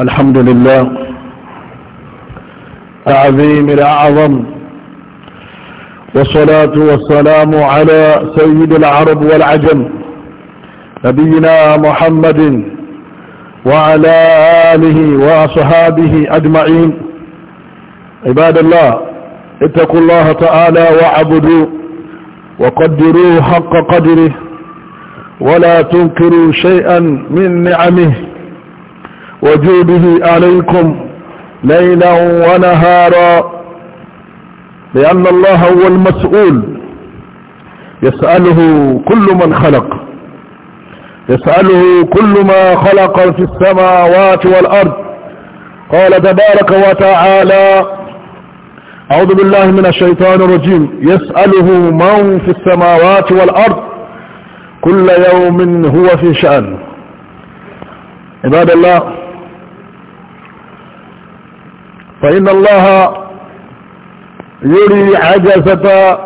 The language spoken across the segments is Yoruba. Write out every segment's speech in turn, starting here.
الحمد لله العظيم الأعظم والصلاة والسلام على سيد العرب والعجم نبينا محمد وعلى آله وصحابه أجمعين عباد الله اتقوا الله تعالى وعبدوا وقدروا حق قدره ولا تنكروا شيئا من نعمه وجوده عليكم ليلا ونهارا لأن الله هو المسؤول يسأله كل من خلق يسأله كل ما خلق في السماوات والأرض قال تبارك وتعالى أعوذ بالله من الشيطان الرجيم يسأله من في السماوات والأرض كل يوم هو في شأن عباد الله فإن الله يري عجزة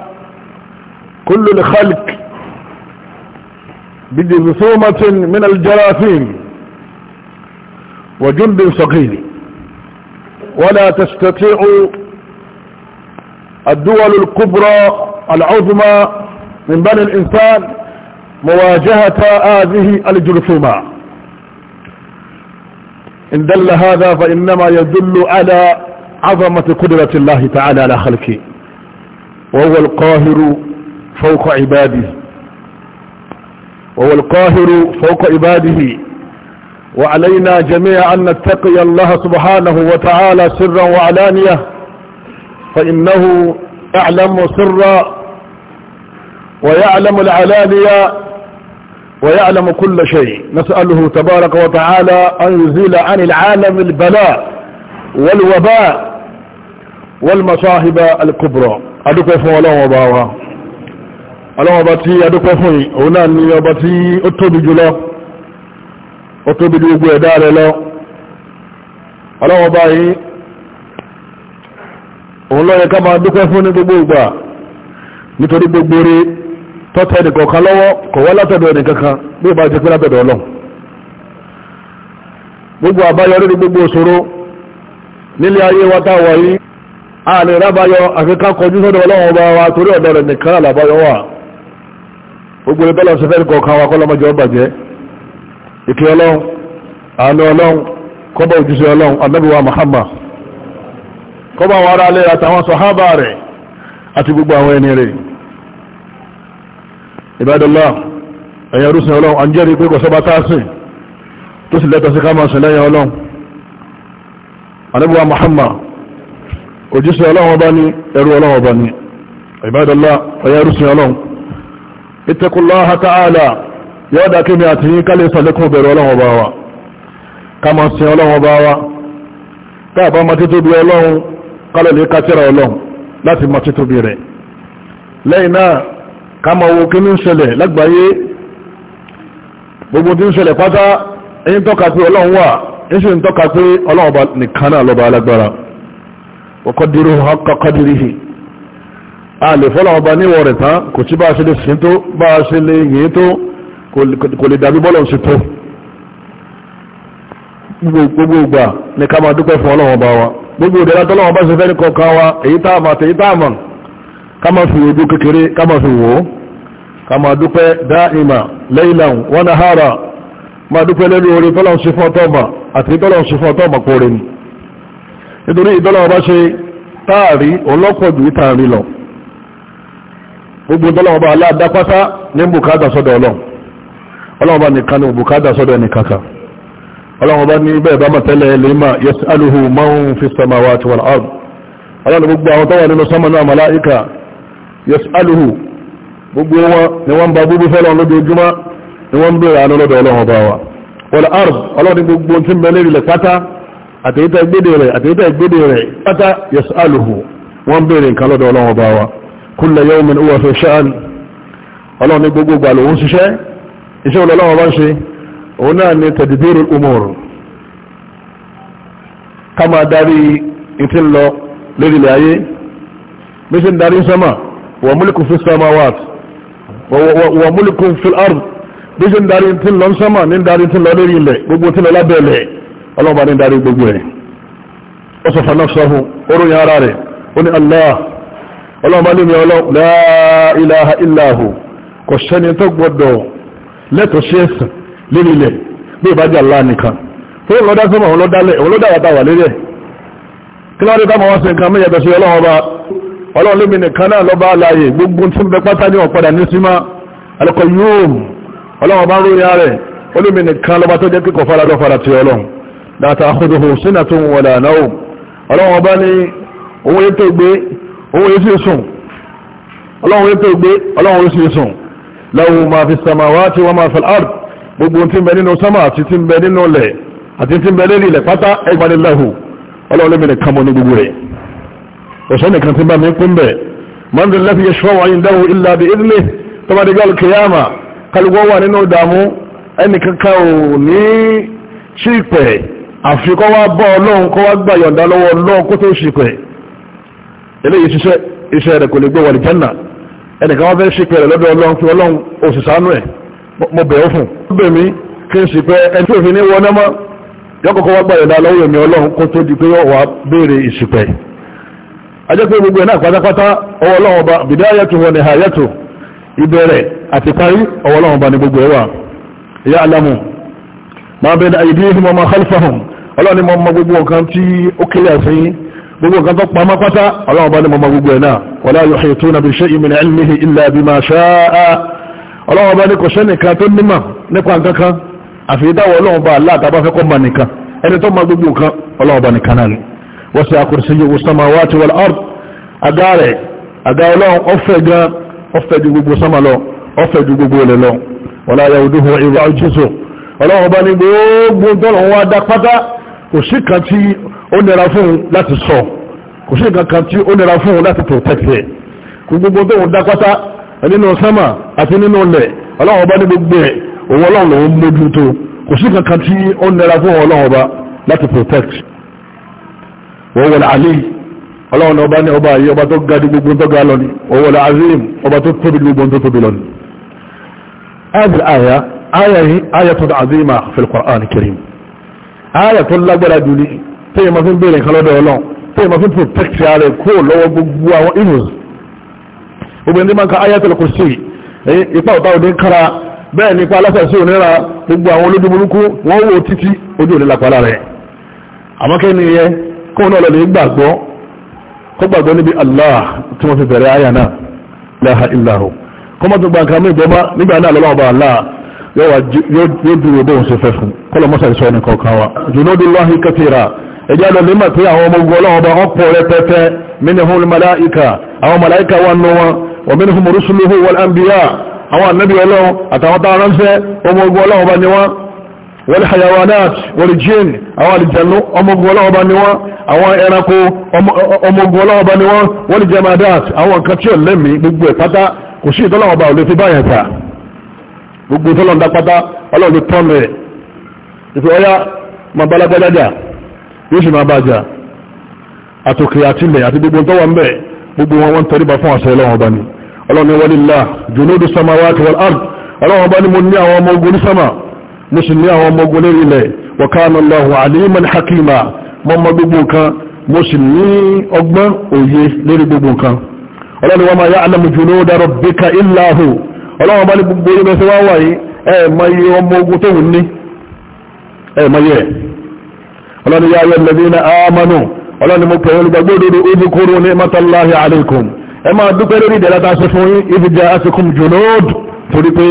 كل الخلق بجرثومة من الجراثيم وجند صغير ولا تستطيع الدول الكبرى العظمى من بني الإنسان مواجهة هذه الجرثومات إن دل هذا فإنما يدل على عظمة قدرة الله تعالى على خلقه وهو القاهر فوق عباده وهو القاهر فوق عباده وعلينا جميعا أن نتقي الله سبحانه وتعالى سرا وعلانية فإنه يعلم سرا ويعلم العلانية ويعلم كل شيء نسأله تبارك وتعالى أن يزيل عن العالم البلاء والوباء والمصاحب الكبرى أدوكو فو وباوا الله وباتي أدوكو هنا أني وباتي أطوب جلا أطوب جلوب ودار لا وباي الله يكما أدوكو فوني نتوري بوبوري tọ́tẹ́ ẹnìkọ̀ọ̀kan lọ́wọ́ kò wá látọ̀dọ̀ ẹnìkankan bí ìbá jẹ́ pé látọ̀dọ̀ ọlọ́ gbogbo àbáyọrí ní gbogbo òṣòro nílé ayé wa a lè rábáyọ àfikà kọjú sọ́dọ̀ ọlọ́wọ́ ọba wa torí ọ̀dọ̀ rẹ̀ nìkan àlàbáyọ wa bàjẹ́ ìkẹ́ ọlọ́run àánú ọlọ́run kọ́bọ̀ ọlọ́run wa kọ́bọ̀ àwọn ará àtàwọn ìbádọ́lá ẹ̀yẹ orúsìn ọlọ́run a ń jẹ́rìí pé kò sọ́bá tásìn tó sì lẹ́tọ̀ sí káàmà sí lẹ́yìn ọlọ́run anábúwa Muhammad òjíṣẹ́ ọlọ́run ọba ní ẹrú ọlọ́run ọba ní ìbádọ́lá ẹ̀yẹ orúsìn ọlọ́run ittaqullaha ta'ala yóò dá kí mi àti yín kálẹ̀ sàlékún bẹ̀rù ọlọ́run kama wo kí ní ń gbogbo tí ń ṣẹlẹ̀ pátá ẹni tọ́ka pé ọlọ́run wà a lè fọ́lọ́run ba níwọ̀ rẹ̀ tán kò sí bá a ṣe lè sin tó a tó kò lè dàbí sí tó gbogbo fún wa gbogbo ìdẹ́lá tọ́lọ́run ba ṣe ni ní wa èyí tá a mọ̀ àtẹ̀yí tá a kama fi ojú kékeré kama fi wò kama dúpẹ́ dáìmà lẹ́ìlàn wọ́n na hàrà ma dúpẹ́ lẹ́lú orí tọ́lọ̀ sí fún ọtọ́mà àti tọ́lọ̀ sí fún ọtọ́mà kóre ni nítorí ìdọ́lọ̀ ọba ṣe táàrí ọlọ́pọ̀jù ìtàrí lọ gbogbo tọ́lọ̀ ọba aláàdápátá ní bùkádà sọ́dọ̀ ọlọ́ ọlọ́ọba nìkan ní bùkádà sọ́dọ̀ ẹnìkankan ọlọ́ọba ní bẹ́ẹ̀ bá mọ̀tẹ́lẹ̀ lèémà yẹsẹ̀ alùhù máa ń fi sọmọ àwọn àti wọn àrùn ọlọ́ọba gbogbo àwọn tọ́wọ̀ nínú sọmọ náà màláìka yasaluhu gbogbo wọn ni wọ́n bá búbú fẹ́lọ́ lójoojúmọ́ ni wọ́n bèèrè àánú lọ́dọ̀ ọlọ́run bá wa wọ́n arùn ọlọ́run gbogbo tí ń bẹ lérí lẹ̀ pátá àtẹ̀yítà ìgbédè rẹ̀ àtẹ̀yítà ìgbédè rẹ̀ pátá yasaluhu wọ́n bèèrè nǹkan lọ́dọ̀ ọlọ́run bá wa kúlẹ̀ yóò mi wọ́n fi ṣáàn ọlọ́run gbogbo gbà lòun ṣiṣẹ́ iṣẹ́ ọlọ́run bá ń ṣe òun náà ni tẹ̀dìbírù umur ká máa darí ìtì lérí ilẹ̀ ayé bí ṣe ń darí sọ́mà وملك في السماوات وملك في الأرض bíṣe ń darí tí lọ ń sánmà ní darí tí lọ lórí ilẹ̀ gbogbo tí lọ lábẹ́ ilẹ̀ ọlọ́ba ní darí gbogbo ẹ̀ ó sọ fún anáfisọ́hù oróyìn ara rẹ̀ ó ní allah ọlọ́ba ní mi ọlọ́ la ilaha illahu kò sẹ́ni tó gbọ́dọ̀ lẹ́tọ̀ọ́ sí ẹ̀sìn lórí ilẹ̀ bí ìbájá allah nìkan tó ń lọ́dá sánmà òun lọ́dá wà táwà lérí ẹ̀ kí lọ́dá táwọn wá sí nǹkan mẹ́yàtọ̀ sí ọlọ́wọ́ ọlọ́run lómi nìkan náà lọ́ba aláyè gbogbo tí ń bẹ pátá ní ọ̀padà ní símá alẹ́kọ̀ọ́ yóò ọlọ́run bá ń ròyìn rẹ̀ olómi nìkan lọ́ba tó jẹ́ kíkọ̀ faradọ́ fara ti ọlọ́run dáta àkójọpọ̀ sínà tó ń wọlé ànáwó ọlọ́run ọba ní owó ètò ìgbé owó èsì sùn ọlọ́run ètò ìgbé ọlọ́run èsì sùn láwo máa fi sàmà wá tí wọ́n máa fẹ́ ard ọlọ́run lómi nìkan mọ́ ní gbogbo rẹ̀ òṣèlú kan tí bá mi pín bẹ̀ mọ́ndé lẹ́fi yẹ̀ṣọ́ wáyé dáhùn ilá bí ilé tó bá dé gọ́ọ̀lù kìyàmà kálùkọ́ wà nínú ìdààmú ẹnì kankan ò ní ṣìpẹ̀ àfikọ́ wá bọ́ ọlọ́run kọ́ wá gbà yọ̀ǹda lọ́wọ́ ọlọ́run kó tó ṣìpẹ̀ eléyìí ṣiṣẹ́ iṣẹ́ rẹ̀ kò lè gbé wà lìjánà ẹnìkan wá fẹ́ ṣìpẹ̀ rẹ̀ lọ́dọ̀ ọlọ́run fún ọlọ́run òṣìṣánú ẹ̀ mo bẹ̀ ọ́ fún un bẹ̀ mí kí n ṣìpẹ̀ ẹni tó fi ní wọnẹ́mọ́ yọkọ̀kọ́ wá gbà yọ̀ǹda lọ́wọ́ ẹ̀mí ọlọ́run kó tó di pé wà béèrè ìṣìpẹ̀ ajẹ́ pé gbogbo ẹ̀nà pátápátá ọwọ́ Ọlọ́run ọba bidayatu wa nihayatu ìbẹ̀rẹ̀ àti parí ọwọ́ Ọlọ́run ọba ní gbogbo ẹ̀wà ya'lamu ma bayna aydihim wa ma khalfahum Ọlọ́run ni mo mọ gbogbo nǹkan tí ó kílẹ̀ sí gbogbo nǹkan tó pamọ́ pátá Ọlọ́run ni mo gbogbo ẹ̀ náà wala wasi'a kursiyyu as-samawati wal-ard agáàrẹ̀ àga ọlọ́run ọfẹ́ gan ọfẹ́ ju gbogbo sánmà lọ ọfẹ́ ju gbogbo ilẹ̀ lọ wala yauduhu hifzuhuma ọlọ́run ọba ní gbogbo dọ́lọ̀ wọn adá pátá kò sí kan tí ó nira fún un láti sọ kò kan tí ó nira fún un protect ẹ̀ kò gbogbo tó ń dá nínú sánmà àti nínú ilẹ̀ ọlọ́run ọba ní gbogbo ẹ̀ òun ọlọ́run lòun mójútó kò sí kan tí ó nira fún ọlọ́run ọba láti protect wọ́wọ́lá alim ọlọ́run ọba ní ọba yìí ọba tó ga di gbogbo tó ga lọ ní wọ́wọ́lá azim ọba tó tóbi gbogbo tó tóbi lọ ní aya aya yìí aya tó azima fil bẹ́ẹ̀ nípa alásàsí òníra gbogbo àwọn olójú wọ́n wò títí ojú òní lápá lára àmọ́kẹ́ ni yẹn kó náà lọ́lẹ̀ gbàgbọ́ kó gbàgbọ́ níbi Allah tí wọ́n fi bẹ̀rẹ̀ àyà náà láha ìlàhù kó mọ́ tó gba nǹkan mìíràn bọ́mọ́ nígbà náà lọ́wọ́ bá Allah yóò dúró bóun ṣe fẹ́ fún kọ́lọ̀ mọ́sàrí sọ́ọ́ nìkan kan wa junudullahi katira ẹjá lọ nímọ̀ tí àwọn ọmọ ogun ọlọ́wọ́ bá wọ́n pọ̀ rẹpẹtẹ minhum malaika àwọn والحيوانات والجن àwọn àlìjànú ọmọgun ọlọ́ọba ni wọ́n àwọn ẹranko ọmọgun ọlọ́ọba ni wọ́n والجمادات àwọn nǹkan tí ó lẹ́mí gbogbo ẹ̀ pátá kò sí ìtọ́lọ́ọba ò lè fi báyẹn ta gbogbo ìtọ́lọ́ọba pátá ọlọ́ọ̀lù tọ́nù ẹ̀ ìfẹ́ ọyá ma bá lágbájájà yóò sì máa bájà àtòkè àtìlẹ̀ àti gbogbo tó wà ń bẹ̀ gbogbo wọn wọ́n tẹríba fún àṣẹ ọlọ́wọ́n ọba ni ọlọ́ọ̀ni mo sì ní àwọn ọmọ ogun lérí ilẹ̀ wa kana Allahu aliman hakima mo mọ gbogbo nǹkan mo sì ní ọgbọ́n òye lérí gbogbo nǹkan ọlọ́run wa ma ya'lamu junuda rabbika illa hu ọlọ́run bá ní gbogbo ilẹ̀ tí wọ́n wà yìí ẹ̀ẹ̀mọye ọmọ ogun tó wùn ní ẹ̀ẹ̀mọye ẹ̀ ọlọ́run ya ayyuhal ladhina ẹ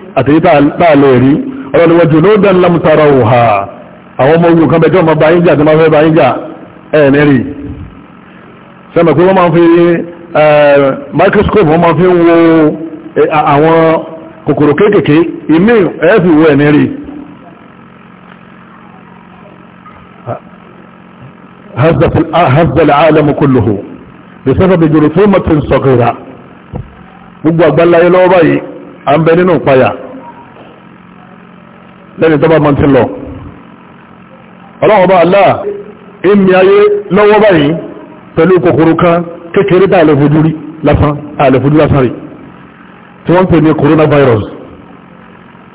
àtẹ̀yí táà lè rí ọlọ́ni wọ́n junudan lam tarawha àwọn ọmọ ogun kan bẹ̀jọ́ ọmọ báyín jà tó máa fẹ́ báyín jà ẹ̀ nẹ́rì sẹ́mẹ̀ pé wọ́n máa fi microscope wọ́n máa fi ń wo àwọn kòkòrò kéékèèké ìmí ẹ̀ẹ́fì wo ẹ̀ nẹ́rì hazza al-alamu kulluhu bí sábàbí jùrù tó mọ̀tún sọ̀kìrà gbogbo àgbáláyé lọ́wọ́ báyìí à ń bẹ nínú ìpayà lẹ́ni tó bá mọ́ ti lọ ọlọ́wọ́ bá aláà ìmì ayé lọ́wọ́ báyìí pẹ̀lú kòkòrò kan kékeré tá àlẹ́fojú lásán rí tí wọ́n pè ní coronavirus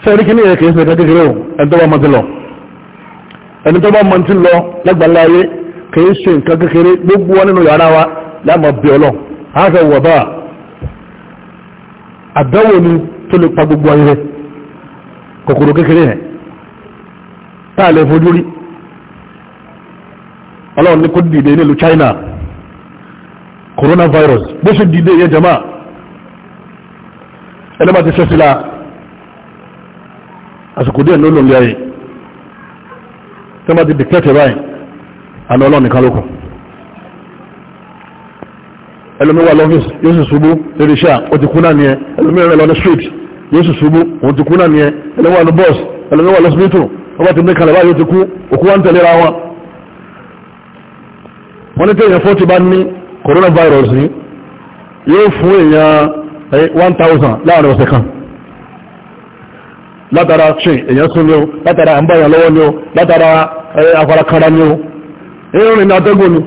sẹ́rí kí ní ẹ̀ kìí sẹ́kẹ́ kékeré o ẹni tó bá mọ́ ti ṣe nǹkan kékeré gbogbo wọn nínú yàrá wa láàmà bí ọlọ́ hàfẹ́ àbẹ́wò ni tó lè pa gbogbo ayé kòkòrò kékeré yẹn táà lè fojú rí ọlọ́run ní kó dìde nílùú China coronavirus bó ṣe dìde yẹ jama ẹlẹ́bàá ti ṣẹ́sílá àsìkò díẹ̀ ló lòlẹ́ ayé tí wọ́n ti dìkẹ́tẹ̀ báyìí àmì ọlọ́run nìkan lókun ẹlòmíwà lọ́fíìsì yóò sì ṣubú lórí iṣẹ́ ó ti kú náà nìyẹn ẹlòmíwà lọ ní street yóò sì ṣubú òun ti kú náà nìyẹn ẹlòmíwà lọ bọ́ọ̀sì ẹlòmíwà lọ síbítù ọba ti mẹ́kànlẹ̀ báyìí ó ti kú òkú wọ́n tẹ̀lera wọn wọ́n ní tí èèyàn fọ́tí bá ní coronavirus ní yóò fún èèyàn 1000 láàrin ọ̀sẹ̀ kan látara chin èèyàn sún ní o látara àmbáyàn lọ́wọ́ ní o látara afárakara ní o èèyàn rìn àtẹ́gùn ni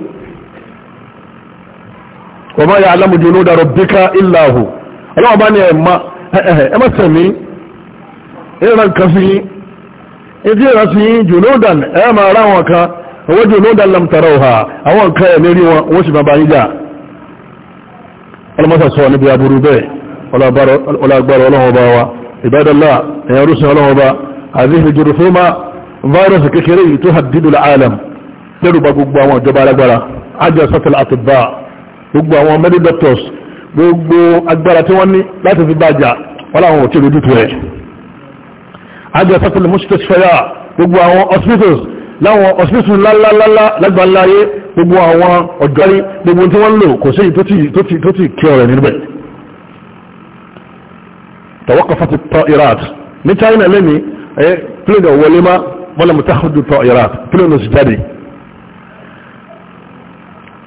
wa ma ya'lamu junuda rabbika illa hu ọlọ́wọ́ bá ní ẹ̀ma ẹ̀má sẹ̀mí èèyàn ìdí ìrọ̀sí jùlódàn ẹ máa rá wọn kan owó jùlódàn lamtara ọha àwọn nǹkan ẹ̀mí rí wọn wọ́n sì bàbá yíjà ọlọ́mọ́sà sọ níbi aburú bẹ́ẹ̀ ọlọ́gbàrọ̀ ọlọ́wọ́ bá wa ìbádọ́lá ẹ̀yàn rúṣin ọlọ́wọ́ bá àzíhì jùrùfúnmá fáírọ̀sì kékeré yìí tó hàdídù alam lẹ́rù bá gbogbo àwọn ìjọba alágbára ajá sọ́tẹ̀lá àtìbá gbogbo àwọn medical doctors wọ́n láti fi bá jà wọ́n láwọn ò tí ì aje àjẹsẹ́kùn mọ́ṣítẹ́ṣẹ́yà gbogbo àwọn hospitals láwọn hospitals lálálálá lágbàláyé gbogbo àwọn ọ̀jọ́rí gbogbo tí wọ́n lò kò sí tó ti kí se to ti to to ti ti níbẹ̀ tawakafati ta'irat ní China lẹ́ni ẹ́ plane of wọlé má wọ́n mú táhùdù ta'irat plane of jade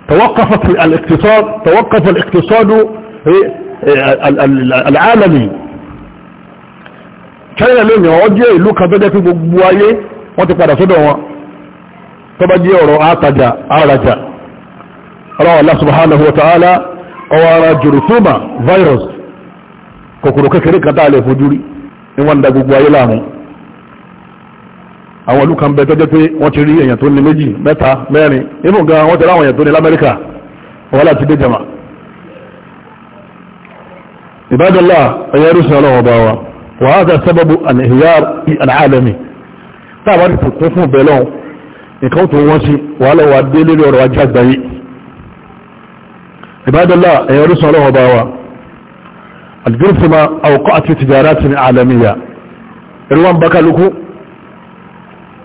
tawakafati al-iqtisad tawakafati al-iqtisad al China lónìí ọ jẹ́ ìlú kan tó jẹ́ pé gbogbo ayé wọ́n ti padà sọ́dọ̀ wọn tó bá jẹ́ ọ̀rọ̀ àtajà Allah subhanahu wa ta'ala ọwọ́ ara jùrùsúmà virus kòkòrò kékeré kan tàà lè ní wọ́n da gbogbo ayé láàmú àwọn ìlú kan bẹ tó jẹ́ pé wọ́n ti rí èèyàn tó ní méjì mẹ́ta mẹ́rin gan wọ́n ti ráwọn tó ní l'Amẹ́ríkà wọ́n láti dé jama ọlọ́wọ́ bá wa وهذا سبب الانهيار العالمي táwọn ti kún fún bẹ̀lọ́ nǹkan tó wọ́n sí wàhálà wà dé lórí ọ̀rọ̀ ajá gbáyé ìbádọ́lá ẹ̀yẹ orísun ọlọ́wọ́ bá wa algirfima àwọ̀kọ́ àti tìjára ti ní alamiya irwan bakaluku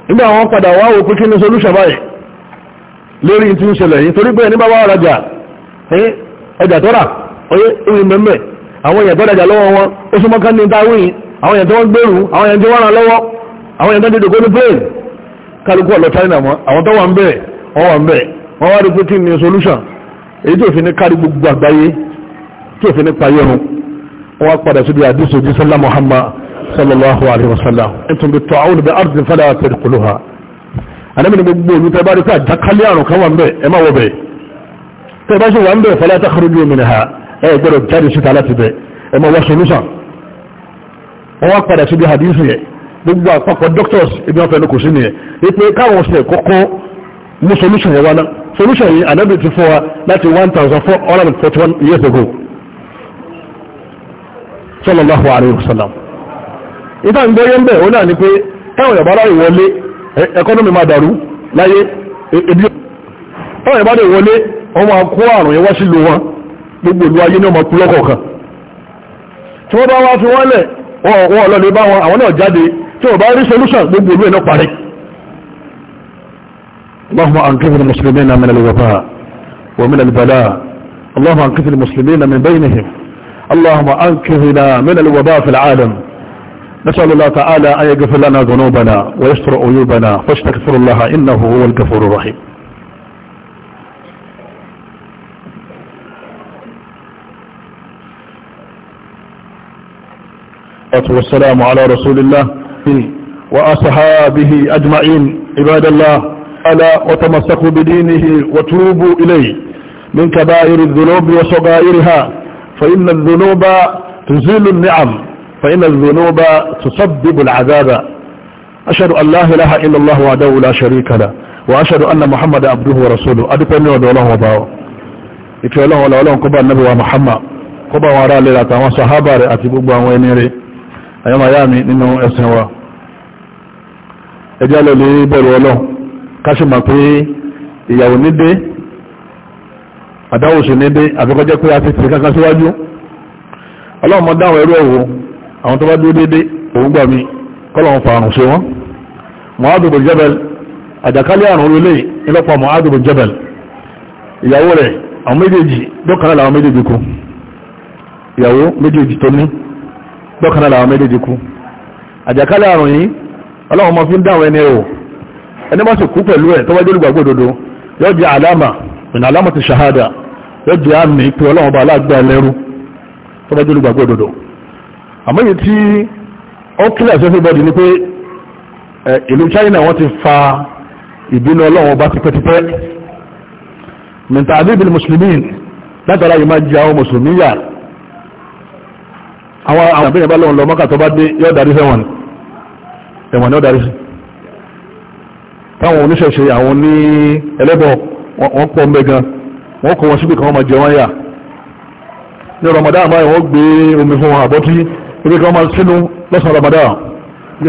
nígbà wọn padà wá wò pínkí ní solúṣà báyìí lórí tí ń ṣẹlẹ̀ yìí torí pé ní bá wà rajà ẹjà tọ́ra oyé ìwé mẹ́mẹ́ àwọn èèyàn tọ́rajà lọ́wọ́ wọn ó súnmọ́ kan ní dáwìn àwọn èèyàn tó wọ́n gbèrú àwọn èèyàn tó wọ́n ràn lọ́wọ́ àwọn èèyàn tó dé dògbó ní plane kálukú ọ̀lọ́ China mọ́ àwọn tó wà ń bẹ̀ wọ́n wà ń bẹ̀ wọ́n wá rí pé kí ni solution èyí tí òfin ní kárí gbogbo àgbáyé tí òfin ní payé hun wọ́n wá padà sí bí àdúsù ojú sallá Muhammad sallallahu alaihi wasallam ẹ̀tùn bí tọ́ àwọn olùbẹ̀ ardin ṣe wà ń wọ́n wá padà síbi hadith yẹn gbogbo àpapọ̀ doctors ibi wọn fẹ́ ló kò sí nìyẹn wípé káwọn ṣe kọ́kọ́ mú solution yẹn wá ná solution yìí ànábì ti wa láti one thousand four hundred forty one years ago sallallahu alayhi wa sallam ìta ń gbẹ́yẹ́ ń bẹ̀ náà ni pé táwọn ìyàbá láì wọlé máa dàrú e, ebi wọlé àrùn yẹn wá sí gbogbo ìlú ayé kú tí bá wá fi اللهم أنقذ المسلمين من الوباء ومن البلاء اللهم أنقذ المسلمين من بينهم اللهم أنقذنا من الوباء في العالم نسأل الله تعالى أن يغفر لنا ذنوبنا ويستر عيوبنا فاستغفر الله إنه هو الغفور الرحيم والسلام على رسول الله وأصحابه أجمعين عباد الله ألا وتمسكوا بدينه وتوبوا إليه من كبائر الذنوب وصغائرها فإن الذنوب تزيل النعم فإن الذنوب تسبب العذاب أشهد أن لا إله إلا الله وحده لا شريك له وأشهد أن محمد عبده ورسوله أدفني ودوله وباوه ìfẹ́ ọlọ́run ọlọ́run kó bá nàbí wa Muhammad kó bá wọn ará lè àyọ́ màá yá ni nínú ẹ̀sìn wa ẹjá lọ lè bẹ̀rù ọlọ́run káṣí mà pé ìyàwó nídé àdáwò sí nídé àfikọ́jẹ́ pé a ti fi kankan síwájú ọlọ́run mọ́ dáwọn ẹrú ẹ̀wò àwọn tó bá dúró dédé òun gbà mí kọ́lọ̀un fààrùn sí wọn Mu'adh bin Jabal àjàkálẹ̀ àrùn olólè nílọ́pọ̀ ìyàwó rẹ̀ àwọn méjèèjì dọ́kànlá àwọn méjèèjì kú ìyàwó méjèèjì tó ní dọ́kànlá làwọn méjèèjì kú àjàkálẹ̀ àrùn yìí ọlọ́run ọmọ fi ń dáwọn ẹni o ẹni bá sì kú pẹ̀lú ẹ̀ tọ́wọ́ jẹ́lú gbàgbọ́ òdodo yóò jẹ́ àlámà min alamati ṣahada yóò jẹ́ àmì pé ọlọ́run ọba aláàgbà ẹlẹ́rú tọ́wọ́ jẹ́lú gbàgbọ́ òdodo àmọ́ yìí tí ó kílẹ̀ sí everybody ni pé ìlú China wọ́n àwọn àwọn àbẹ̀yẹ̀ bá lọ́wọ́ lọ mọ́kà tó bá dé yóò darí sẹ́wọ̀n ẹ̀wọ̀n yóò darí sí táwọn oníṣẹ̀ṣe àwọn ní ẹlẹ́bọ̀ wọ́n pọ̀ ń wọ́n kọ wọn síbi kan jẹ wọ́n yà ní Ramadan báyìí wọ́n gbé omi fún wọn àbọ́tí ibi Ramadan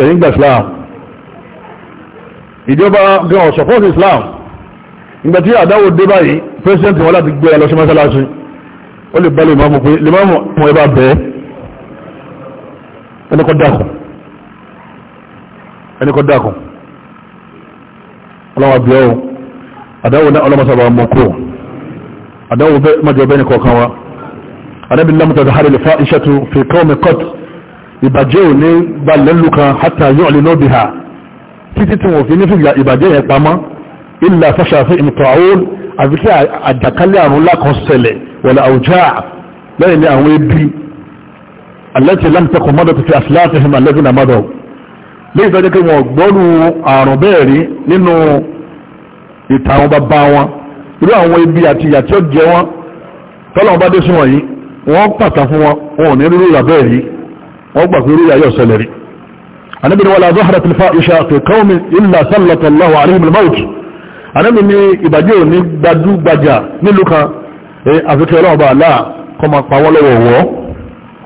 ẹ̀yìn gbà Islam ìjọba gan support Islam ìgbà tí àdáwò dé báyìí president wọn láti gbé ẹ e lọ sí mọ́sálásí ẹni kọ́ dákun ẹni kọ́ dákun ọlọ́wà bí ọ́ àdáwò náà ọlọ́mọsọ̀rọ̀ ọmọ kú àdáwò mọ́jọ bẹ́ni kọ̀ọ̀kan wa anábì lámùtà zahari lè fa iṣẹ́tu fi kọ́ọ̀mì kọ́t ìbàjẹ́ ò ní gba lẹ́lù kan hátà yóò lè lóbi ha títí tí wọ́n fi ní fìgbà ìbàjẹ́ yẹn pamọ́ ilà fẹ́ṣàfẹ́ ìmùtọ̀ àwọn àbíkẹ́ àjàkálẹ̀ àrùn lákan wọ̀lẹ̀ àwùjá التي لم تكن مضت في أسلافهم الذين مضوا léyìí tó jẹ́ kí wọ́n gbọ́rù àrùn bẹ́ẹ̀ rí nínú ìtàwọn bàbá wọn irú àwọn ibi àti ìyà tí ó jẹ wọn tọ́lọ́wọ́n bá dé sí wọ̀nyí wọ́n pàtà fún wọn wọn ò ní rírú ìyà bẹ́ẹ̀ rí wọ́n gbà pé rírú ìyà yóò ṣẹlẹ̀ rí anábìnrin wala zahrat al-fahisha fi qawmin illa sallata Allahu alayhim al-mawt anábì ní ìbàjẹ́ òní gbajúgbajà nílùú kan àfikẹ́ ọlọ́wọ́ bá aláà kọ́ máa pa wọ́n lọ́wọ́ wọ́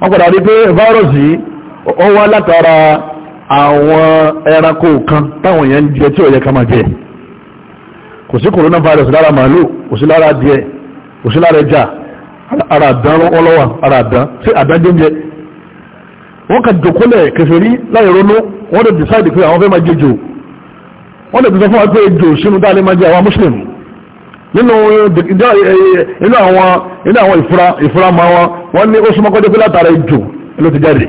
wọ́n padà rí pé virus yìí ó wá látara àwọn ẹranko kan táwọn èèyàn jẹ tí ó yẹ ká máa jẹ kò sí coronavirus lára màálù kò sí lára adìẹ kò sí lára ẹja ara àdán ọlọ́wà ara àdán sí àdán jẹ́ jẹ́ wọ́n kà jòkólẹ̀ kèfèrí láì ronú wọ́n lè decide pé àwọn fẹ́ máa jẹjò wọ́n lè decide fún wa pé ejò sínú dáa máa jẹ àwọn muslim nínú inú àwọn inú àwọn ìfura ma wọn wọ́n ní ó súnmọ́ kọ́jọ́ pé látara ìjò ló ti jáde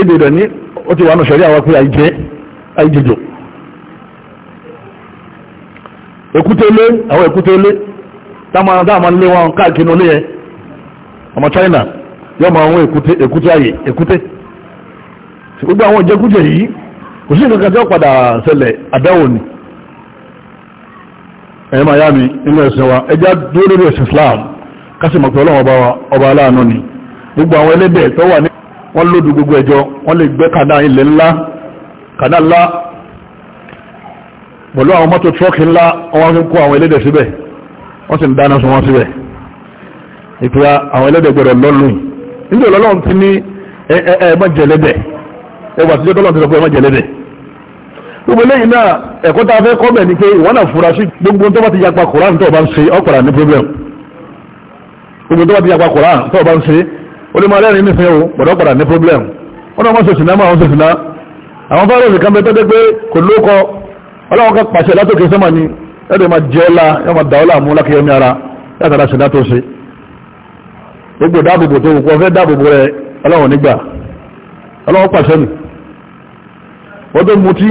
èdè rẹ̀ ní ó ti wà nù sẹ̀rí àwọn pé àìjẹ́ àìjẹjò èkúté ilé àwọn èkúté ilé dáàmà lé wọn káàkiri olé ọmọ China yọ ma àwọn èkúté ayé èkúté gbogbo àwọn ìjẹkújẹ yìí kò sí ẹ̀yẹ́ Miami yá mi nínú ẹ̀sìn wa ẹjá dúró lórí ẹ̀sìn Islam kásì mọ̀ pé ọlọ́run ọba aláàánú ni gbogbo àwọn ẹlẹ́dẹ̀ tó wà ní wọ́n lòdù gbogbo ẹjọ́ wọ́n lè gbẹ́ kàdá ilẹ̀ ńlá kàdá ńlá pẹ̀lú àwọn mọ́tò trọ́ọ̀kì ńlá wọ́n fi kó àwọn ẹlẹ́dẹ̀ síbẹ̀ wọ́n sì ń dáná sun wọn síbẹ̀ ìpè àwọn ẹlẹ́dẹ̀ gbogbo lẹ́yìn náà ẹ̀kọ́ tá a fẹ́ kọ́ bẹ̀ ni pé ìwọ́n náà fura sí gbogbo tó bá ti yapa koran tó o bá ń ṣe ọ̀pọ̀ra ní problem gbogbo tó bá ti yapa koran tó o bá ń ṣe ó lè máa rẹ́rìn nífẹ̀ẹ́ o gbọ́dọ̀ ọ̀pọ̀ra ní problem wọ́n náà wọ́n ṣe sinamá wọ́n ṣe siná àwọn fáwọn òṣèlú kan bẹ tọ́jú pé kò lóko ọlọ́wọ́n kan pàṣẹ látòkè sọ́mà ni ẹ̀rọ máa jẹ́ ọlá yóò máa dà ọ́ láàmú lákẹ́yẹmí ara látara sinà tó ṣe gbogbo dáàbòbò tó kọ́ fẹ́ dáàbòbò rẹ ọlọ́wọ́n nígbà ọlọ́wọ́n pàṣẹ nì wọ́n tó mutí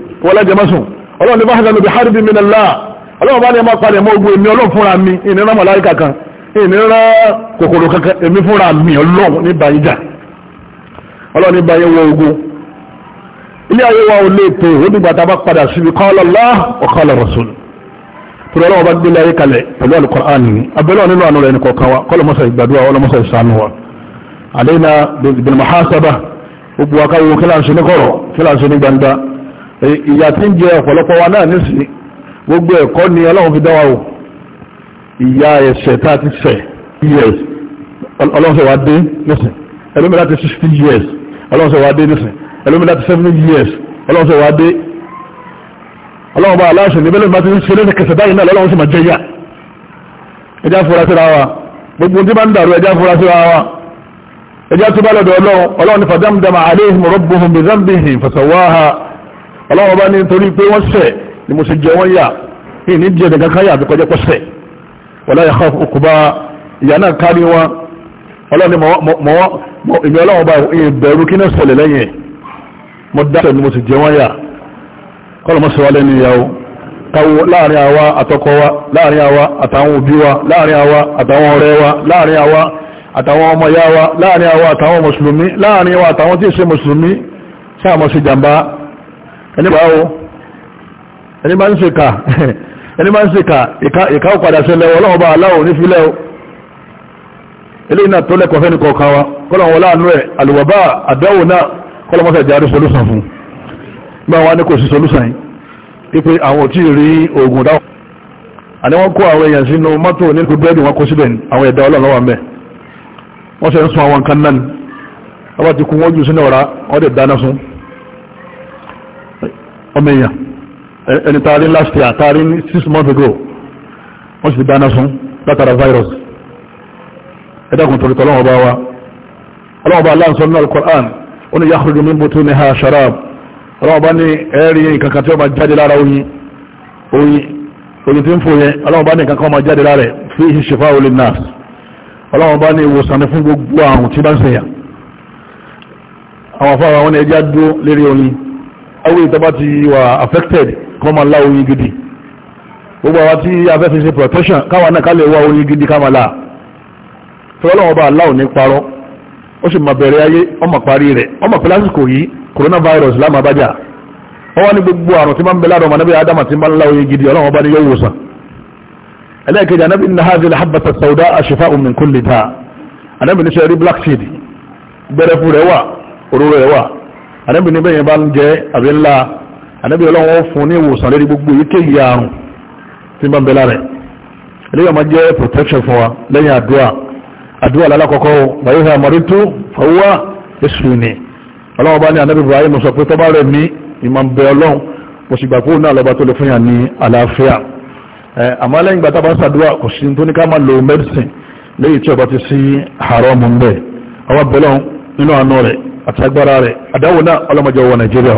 wọ́n lẹ́jẹ̀ mọ́sùn ọlọ́run ní báhàdà lóbi haribi min Allah ọlọ́run bá ní ẹmọ́ palẹ̀ mọ́ ogun èmi ọlọ́run fúnra mi ìnira màláíkà kan ìnira kòkòrò kankan èmi fúnra mi ọlọ́run ní báyìí jà ọlọ́run ní báyìí wọ ogun ilé ayé wa ò lè tó ó dìgbà tá a bá padà síbi qala Allah wa qala rasul tòrọ ọlọ́run bá gbélé ayé kalẹ̀ pẹ̀lú alukur'an ni abẹ́lẹ́ nínú àánú rẹ̀ ní kọ̀ọ̀kan wa kọ́lọ́mọ́sà ìgbàdúrà ọlọ́mọ́sà ìsànú wa àlẹ́ iná bẹ̀rẹ̀ mahasaba gbogbo akáwọ̀ kíláàsì ní kọ̀rọ̀ kíláàsì ní gbangba ìyà tí ń jẹ ọ̀pọ̀lọpọ̀ wa náà nísìnyí gbogbo ẹ̀kọ́ ni ọlọ́run fi dá wa wò ìyà ẹ̀ṣẹ̀ tá a ti ṣẹ̀ years ọlọ́run ṣe wá dé nísìn ẹlòmíì láti sixty years ọlọ́run ṣe wá dé nísìn ẹlòmíì láti seventy years ọlọ́run ṣe wá dé ọlọ́run bá aláṣẹ ní bẹ́lẹ̀ máa ti ń ṣe lẹ́sẹ̀ kẹsẹ̀ báyìí náà lọ́lọ́run sì máa jẹ́ ẹjá fura síra wa gbogbo tí bá ń dàrú ẹjá fura síra wa ẹjá tó bá lọ́dọ̀ ọlọ́run ọlọ́run ni fàdámdàmà àléhùn rọ́bùhùn bìzánbìhìn fàṣàwáhà ọlọ́wọ́ bá ní nítorí pé wọ́n ṣẹ̀ ni mo ṣe jẹ wọ́n yà kí ní díẹ̀ nìkan káyà àbí kọjá pọ́ṣẹ̀ wọ́lá yà kó bá ìyá náà kárí wọn ọlọ́ni mọ́ ìmí ọlọ́wọ́ bá ìbẹ̀rù kí náà ṣẹlẹ̀ lẹ́yìn mo dáṣẹ̀ ni mo sì jẹ wọ́n yà kọ́lọ̀ mọ́ sọ wá lẹ́nu ìyàwó káwọ́ láàrin àwa àtọkọ wa láàrin àwa àtàwọn òbí wa láàrin àwa àtàwọn ọ̀rẹ́ wa láàrin àwa àtàwọn ọmọ ya wa láàrin àwa àtàwọn mùsùlùmí láàrin àwa àtàwọn tí ì ṣe mùsùlùmí sáà jàmbá ẹni bá ó ẹni bá ń ṣe kà ẹni ka ń ṣe kà ìká òpadà ṣẹlẹ̀ ọlọ́ọ̀bá aláwọ̀ ní fílẹ̀ ó ilé iná tó lẹ́kọ̀ọ́ fẹ́ni kọ̀ọ̀kan wa kọ́lọ̀wọ́ láàánú ẹ̀ àlùwàbá àdáwò náà kọ́lọ̀mọ́sẹ̀ járí solúsàn fún gbá wa si kò sí solúsàn yìí wípé A na rí oògùn dáwọ̀ àní wọ́n kó àwọn èèyàn sínú ni ọmọ èèyàn ẹni taari last year taari six months ago wọ́n sì dáná sun látara virus ẹ̀dàkùn torítọ̀ ọlọ́wọ́ bá wa ọlọ́wọ́ bá aláǹsọ́ nínú al-Qur'an ó ní yakhruju min butuniha sharab ọlọ́wọ́ bá ní ẹ̀rí kankan tí ó ma jáde lára oyin oyin oyin tí ń fò yẹn ọlọ́wọ́ bá ní kankan ma jáde lára fihi shifa'un lin-nas ọlọ́wọ́ bá ní ìwòsàn fún gbogbo àrùn tí bá ń sèyàn àwọn afọ́ àwọn ẹja dúró lérí oyin àwọn ìtọ́ba ti wà affected kọ́ máa lá oyin gidi gbogbo àwọn tí afẹ́fẹ́ ṣe protection káwọn náà ká lè wá oyin gidi ká máa lá tọ́lọ́wọ́ bá aláwọ̀ ní parọ́ ó sì máa bẹ̀rẹ̀ ayé ọmọ parí rẹ̀ ọmọ pẹ̀lú yìí coronavirus láàmú abájà wọ́n wá ní gbogbo àrùn tí máa ń bẹ láàrọ̀ ọmọdébẹ̀ adama tí máa ń lá oyin gidi ọlọ́wọ́ bá ní yóò wòsàn ẹlẹ́ẹ̀kejì anábì ní hazi alhabbata sauda ashifa min kulli ta anábì ní sẹ́rí black seed gbẹrẹfu rẹ̀ wà òróró rẹ̀ wà anábì níbẹ̀ yẹn bá ń jẹ́ àbí ńlá anábì ọlọ́wọ́ fún ní ìwòsàn lérí gbogbo èyíkéyìí àrùn tí bá ń bẹ lára ẹ̀ eléyà máa jẹ́ protection fún wa lẹ́yìn àdúrà àdúrà lálákọ̀ọ́kọ́ bàyíká àmọ́rítú fọwọ́ èṣù ni ọlọ́wọ́ bá ní anábì Ibrahim sọ pé tọ́bá rẹ̀ ní ìmọ̀ ń bẹ ọlọ́run mo sì gbà pé òun náà a bá ṣàdúrà kò sí tó ní ká máa lo medicine lẹ́yìn tí ọba ti sí haram ń àtàgbára rẹ̀ àdáwò náà ọlọ́mọjọ wọ nàìjíríà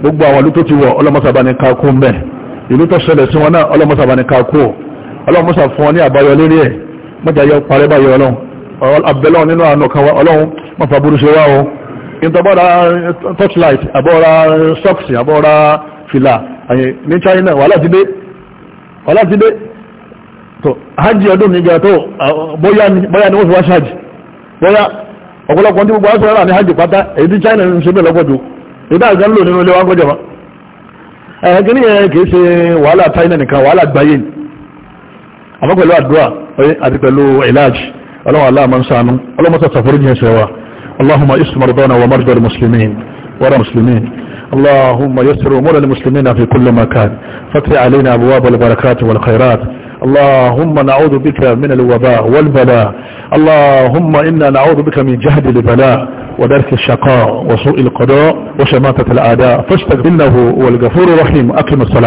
gbogbo àwọn ìlú tó ti wọ ọlọ́mọsàbá ní káàkó ń bẹ̀ ìlú tó ṣẹlẹ̀ sí wọn náà ọlọ́mọsàbá ní káàkó ọlọ́mọsà fún wọn ní àbáyọ lérí ẹ̀ mọ́jà yọ parẹ́ báyọ ọlọ́run abẹ́lọ́ eh, torchlight àbọ́ra eh, socks àbọ́ra fìlà ní China wà láti dé wà láti dé tó hajj ọdún nígbà tó ah, bóyá ni wọ́n fi wá ṣáàjì bóyá ọ̀pọ̀lọpọ̀ tí gbogbo aṣọ ẹ̀rọ ní hajj pátá èyí tí China ń ṣe bẹ́ẹ̀ lọ́pọ̀jù ìdá àgbà ń lò nínú ilé wa gbọ́jọ ma ẹ̀ẹ́kì ní yẹn kìí ṣe wàhálà China nìkan wàhálà gbáyé àmọ́ pẹ̀lú àdúrà àti pẹ̀lú ìlàjì ọlọ́wọ́ aláàmọ́ ń sànú ọlọ́mọ́sà sàfúrújì ẹ̀ṣẹ̀ wa اللهم اشف مرضانا ومرضى المسلمين ورى المسلمين اللهم يسر امور المسلمين في كل مكان فتح علينا ابواب البركات والخيرات اللهم نعوذ بك من الوباء والبلاء اللهم إنا نعوذ بك من جهد البلاء ودرك الشقاء وسوء القضاء وشماتة الأعداء فاشتغ إنه هو الغفور الرحيم أقم الصلاة